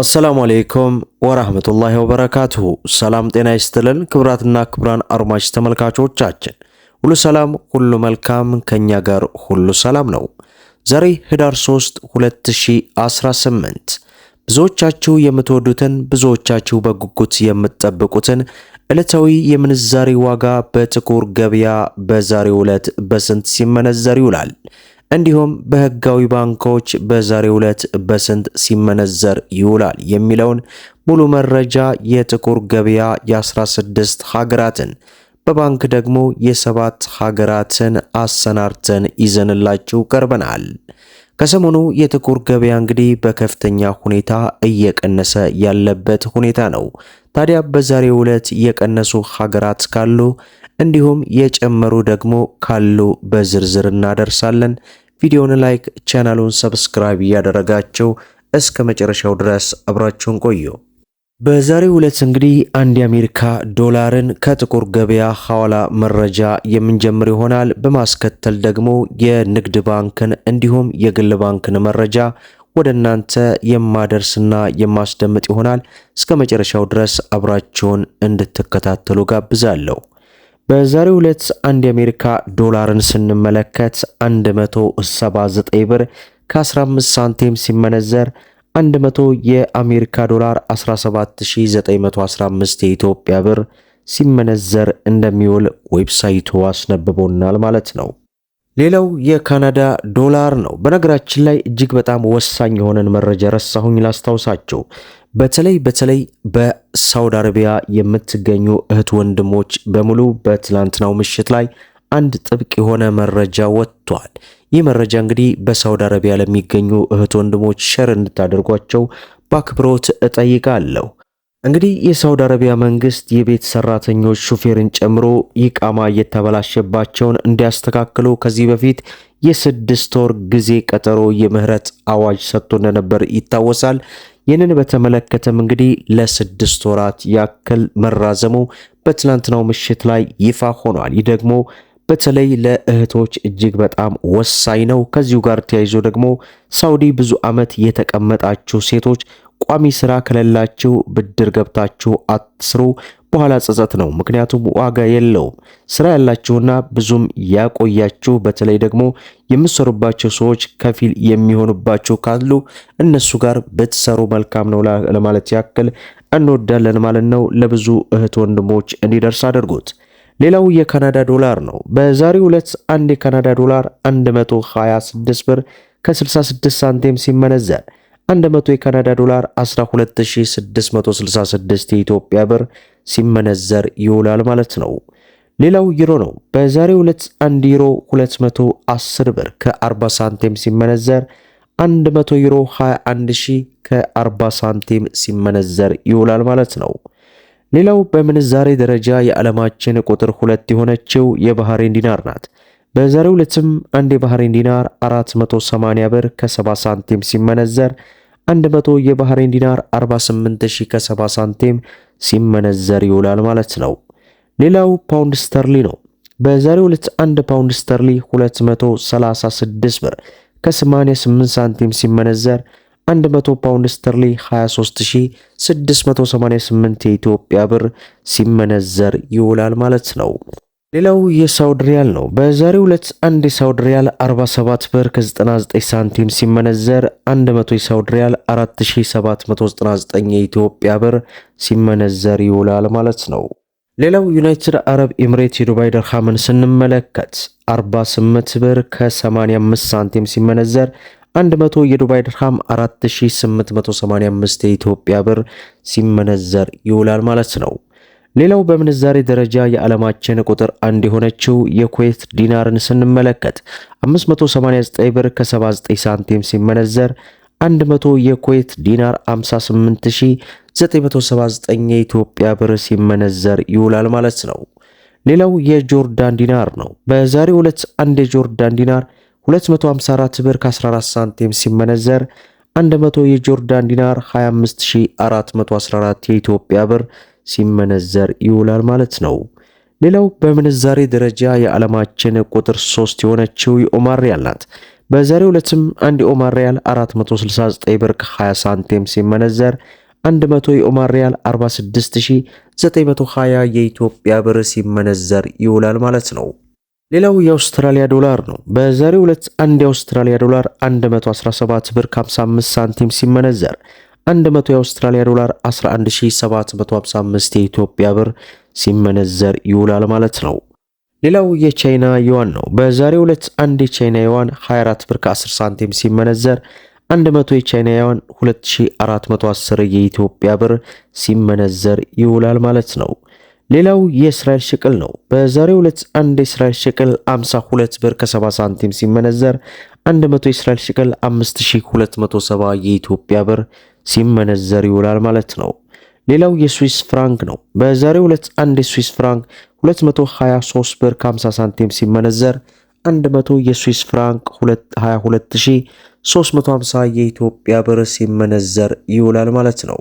አሰላሙ አሌይኩም ወራህመቱላሂ ወበረካቱሁ። ሰላም ጤና ይስጥልን። ክብራትና ክብራን አድማጭ ተመልካቾቻችን ሁሉ ሰላም፣ ሁሉ መልካም፣ ከኛ ጋር ሁሉ ሰላም ነው። ዛሬ ህዳር 3 2018 ብዙዎቻችሁ የምትወዱትን ብዙዎቻችሁ በጉጉት የምትጠብቁትን ዕለታዊ የምንዛሬ ዋጋ በጥቁር ገበያ በዛሬው ዕለት በስንት ሲመነዘር ይውላል? እንዲሁም በህጋዊ ባንኮች በዛሬው ዕለት በስንት ሲመነዘር ይውላል የሚለውን ሙሉ መረጃ የጥቁር ገበያ የ16 ሀገራትን በባንክ ደግሞ የሰባት ሀገራትን አሰናርተን ይዘንላችሁ ቀርበናል። ከሰሞኑ የጥቁር ገበያ እንግዲህ በከፍተኛ ሁኔታ እየቀነሰ ያለበት ሁኔታ ነው። ታዲያ በዛሬው ዕለት የቀነሱ ሀገራት ካሉ እንዲሁም የጨመሩ ደግሞ ካሉ በዝርዝር እናደርሳለን። ቪዲዮውን ላይክ፣ ቻናሉን ሰብስክራይብ እያደረጋችሁ እስከ መጨረሻው ድረስ አብራችሁን ቆዩ። በዛሬው ዕለት እንግዲህ አንድ የአሜሪካ ዶላርን ከጥቁር ገበያ ሐዋላ መረጃ የምንጀምር ይሆናል። በማስከተል ደግሞ የንግድ ባንክን እንዲሁም የግል ባንክን መረጃ ወደ እናንተ የማደርስና የማስደምጥ ይሆናል። እስከ መጨረሻው ድረስ አብራችሁን እንድትከታተሉ ጋብዛለሁ። በዛሬው ዕለት አንድ የአሜሪካ ዶላርን ስንመለከት 179 ብር ከ15 ሳንቲም ሲመነዘር 100 የአሜሪካ ዶላር 17915 የኢትዮጵያ ብር ሲመነዘር እንደሚውል ዌብሳይቱ አስነብቦናል ማለት ነው። ሌላው የካናዳ ዶላር ነው። በነገራችን ላይ እጅግ በጣም ወሳኝ የሆነን መረጃ ረሳሁኝ ላስታውሳቸው። በተለይ በተለይ በሳውዲ አረቢያ የምትገኙ እህት ወንድሞች በሙሉ በትላንትናው ምሽት ላይ አንድ ጥብቅ የሆነ መረጃ ወጥቷል። ይህ መረጃ እንግዲህ በሳውዲ አረቢያ ለሚገኙ እህት ወንድሞች ሸር እንድታደርጓቸው በአክብሮት እጠይቃለሁ። እንግዲህ የሳውዲ አረቢያ መንግስት የቤት ሰራተኞች ሹፌርን ጨምሮ ይቃማ እየተበላሸባቸውን እንዲያስተካክሉ ከዚህ በፊት የስድስት ወር ጊዜ ቀጠሮ የምህረት አዋጅ ሰጥቶ እንደነበር ይታወሳል። ይህንን በተመለከተም እንግዲህ ለስድስት ወራት ያክል መራዘሙ በትናንትናው ምሽት ላይ ይፋ ሆኗል። ይህ ደግሞ በተለይ ለእህቶች እጅግ በጣም ወሳኝ ነው። ከዚሁ ጋር ተያይዞ ደግሞ ሳውዲ ብዙ ዓመት የተቀመጣችሁ ሴቶች ቋሚ ስራ ከሌላችሁ ብድር ገብታችሁ አትስሩ። በኋላ ጸጸት ነው፣ ምክንያቱም ዋጋ የለውም። ስራ ያላችሁና ብዙም ያቆያችሁ በተለይ ደግሞ የምትሰሩባቸው ሰዎች ከፊል የሚሆኑባችሁ ካሉ እነሱ ጋር ብትሰሩ መልካም ነው ለማለት ያክል እንወዳለን ማለት ነው። ለብዙ እህት ወንድሞች እንዲደርስ አድርጉት። ሌላው የካናዳ ዶላር ነው። በዛሬው ዕለት አንድ የካናዳ ዶላር 126 ብር ከ66 ሳንቲም ሲመነዘር 100 የካናዳ ዶላር 12666 የኢትዮጵያ ብር ሲመነዘር ይውላል ማለት ነው። ሌላው ዩሮ ነው። በዛሬው ዕለት 1 ዩሮ 210 ብር ከ40 ሳንቲም ሲመነዘር 100 ዩሮ 21 ሺ ከ40 ሳንቲም ሲመነዘር ይውላል ማለት ነው። ሌላው በምንዛሬ ደረጃ የዓለማችን ቁጥር ሁለት የሆነችው የባህሬን ዲናር ናት። በዛሬው ዕለትም አንድ የባህሬን ዲናር 480 ብር ከ70 ሳንቲም ሲመነዘር 100 የባህሬን ዲናር 48000 ከ ሳንቲም ሲመነዘር ይውላል ማለት ነው። ሌላው ፓውንድ ስተርሊ ነው። በዛሬው ዕለት 1 ፓውንድ ስተርሊ 236 ብር ከ88 ሳንቲም ሲመነዘር 100 ፓውንድ ስተርሊ 23688 የኢትዮጵያ ብር ሲመነዘር ይውላል ማለት ነው። ሌላው የሳውዲ ሪያል ነው። በዛሬው ዕለት አንድ የሳውዲ ሪያል 47 ብር ከ99 ሳንቲም ሲመነዘር 100 የሳውዲ ሪያል 4799 የኢትዮጵያ ብር ሲመነዘር ይውላል ማለት ነው። ሌላው ዩናይትድ አረብ ኤምሬት የዱባይ ደርሃምን ስንመለከት 48 ብር ከ85 ሳንቲም ሲመነዘር 100 የዱባይ ድርሃም 4885 የኢትዮጵያ ብር ሲመነዘር ይውላል ማለት ነው። ሌላው በምንዛሬ ደረጃ የዓለማችን ቁጥር አንድ የሆነችው የኩዌት ዲናርን ስንመለከት 589 ብር ከ79 ሳንቲም ሲመነዘር 100 የኩዌት ዲናር 58979 የኢትዮጵያ ብር ሲመነዘር ይውላል ማለት ነው። ሌላው የጆርዳን ዲናር ነው። በዛሬ ሁለት አንድ የጆርዳን ዲናር 254 ብር ከ14 ሳንቲም ሲመነዘር 100 የጆርዳን ዲናር 25414 የኢትዮጵያ ብር ሲመነዘር ይውላል ማለት ነው። ሌላው በምንዛሬ ደረጃ የዓለማችን ቁጥር 3 የሆነችው የኦማር ሪያል ናት። በዛሬው ዕለትም አንድ የኦማር ሪያል 469 ብር 20 ሳንቲም ሲመነዘር 100 የኦማር ሪያል 46920 የኢትዮጵያ ብር ሲመነዘር ይውላል ማለት ነው። ሌላው የአውስትራሊያ ዶላር ነው። በዛሬው ዕለት አንድ የአውስትራሊያ ዶላር 117 ብር 55 ሳንቲም ሲመነዘር 100 የአውስትራሊያ ዶላር 11755 የኢትዮጵያ ብር ሲመነዘር ይውላል ማለት ነው። ሌላው የቻይና ዩዋን ነው። በዛሬው ዕለት አንድ የቻይና ዩዋን 24 ብር ከ10 ሳንቲም ሲመነዘር 100 የቻይና ዩዋን 2410 የኢትዮጵያ ብር ሲመነዘር ይውላል ማለት ነው። ሌላው የእስራኤል ሽቅል ነው። በዛሬው ዕለት አንድ የእስራኤል ሽቅል 52 ብር ከ70 ሳንቲም ሲመነዘር 100 የእስራኤል ሽቅል 5270 የኢትዮጵያ ብር ሲመነዘር ይውላል ማለት ነው። ሌላው የስዊስ ፍራንክ ነው። በዛሬው ዕለት አንድ የስዊስ ፍራንክ 223 ብር 50 ሳንቲም ሲመነዘር 100 የስዊስ ፍራንክ 22350 የኢትዮጵያ ብር ሲመነዘር ይውላል ማለት ነው።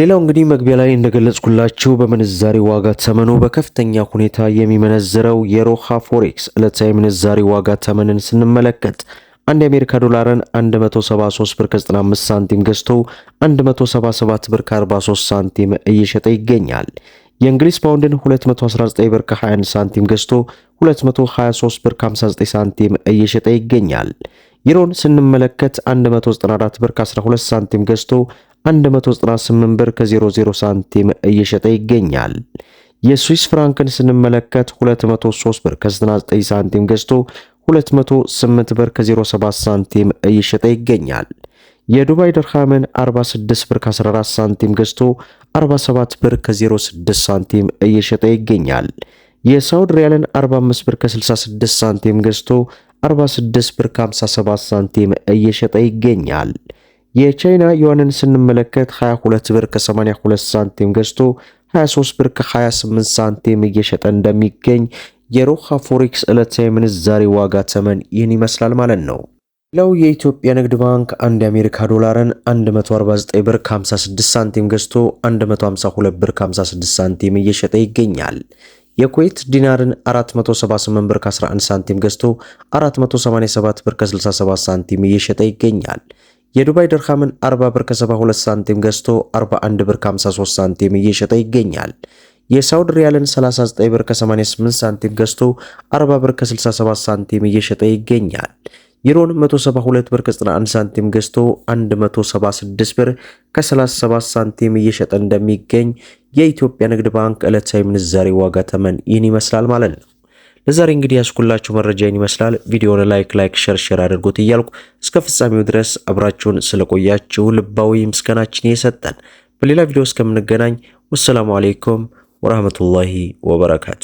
ሌላው እንግዲህ መግቢያ ላይ እንደገለጽኩላችሁ በምንዛሬ ዋጋ ተመኑ በከፍተኛ ሁኔታ የሚመነዝረው የሮሃ ፎሬክስ ዕለታዊ ምንዛሬ ዋጋ ተመንን ስንመለከት አንድ የአሜሪካ ዶላርን 173 ብር ከ95 ሳንቲም ገዝቶ 177 ብር ከ43 ሳንቲም እየሸጠ ይገኛል። የእንግሊዝ ፓውንድን 219 ብር ከ21 ሳንቲም ገዝቶ 223 ብር ከ59 ሳንቲም እየሸጠ ይገኛል። ዩሮን ስንመለከት 194 ብር ከ12 ሳንቲም ገዝቶ 198 ብር ከ00 ሳንቲም እየሸጠ ይገኛል። የስዊስ ፍራንክን ስንመለከት 203 ብር ከ99 ሳንቲም ገዝቶ 208 ብር ከ07 ሳንቲም እየሸጠ ይገኛል። የዱባይ ድርሃምን 46 ብር ከ14 ሳንቲም ገዝቶ 47 ብር ከ06 ሳንቲም እየሸጠ ይገኛል። የሳውድ ሪያልን 45 ብር ከ66 ሳንቲም ገዝቶ 46 ብር ከ57 ሳንቲም እየሸጠ ይገኛል። የቻይና ዩዋንን ስንመለከት 22 ብር ከ82 ሳንቲም ገዝቶ 23 ብር ከ28 ሳንቲም እየሸጠ እንደሚገኝ የሮሃ ፎሬክስ ዕለታዊ ምንዛሬ ዋጋ ተመን ይህን ይመስላል ማለት ነው። ሌላው የኢትዮጵያ ንግድ ባንክ አንድ የአሜሪካ ዶላርን 149 ብር 56 ሳንቲም ገዝቶ 152 ብር 56 ሳንቲም እየሸጠ ይገኛል። የኩዌት ዲናርን 478 ብር 11 ሳንቲም ገዝቶ 487 ብር 67 ሳንቲም እየሸጠ ይገኛል። የዱባይ ድርሃምን 40 ብር 72 ሳንቲም ገዝቶ 41 ብር 53 ሳንቲም እየሸጠ ይገኛል። የሳውዲ ሪያልን 39 ብር ከ88 ሳንቲም ገዝቶ 40 ብር ከ67 ሳንቲም እየሸጠ ይገኛል። ዩሮን 172 ብር ከ91 ሳንቲም ገዝቶ 176 ብር ከ37 ሳንቲም እየሸጠ እንደሚገኝ የኢትዮጵያ ንግድ ባንክ ዕለታዊ ምንዛሬ ዋጋ ተመን ይህን ይመስላል ማለት ነው። ለዛሬ እንግዲህ ያስኩላችሁ መረጃ ይህን ይመስላል። ቪዲዮውን ላይክ ላይክ ሼር ሼር አድርጉት እያልኩ እስከ ፍጻሜው ድረስ አብራችሁን ስለቆያችሁ ልባዊ ምስጋናችን የሰጠን። በሌላ ቪዲዮ እስከምንገናኝ ወሰላሙ አሌይኩም ወራህመቱላሂ ወበረካቱ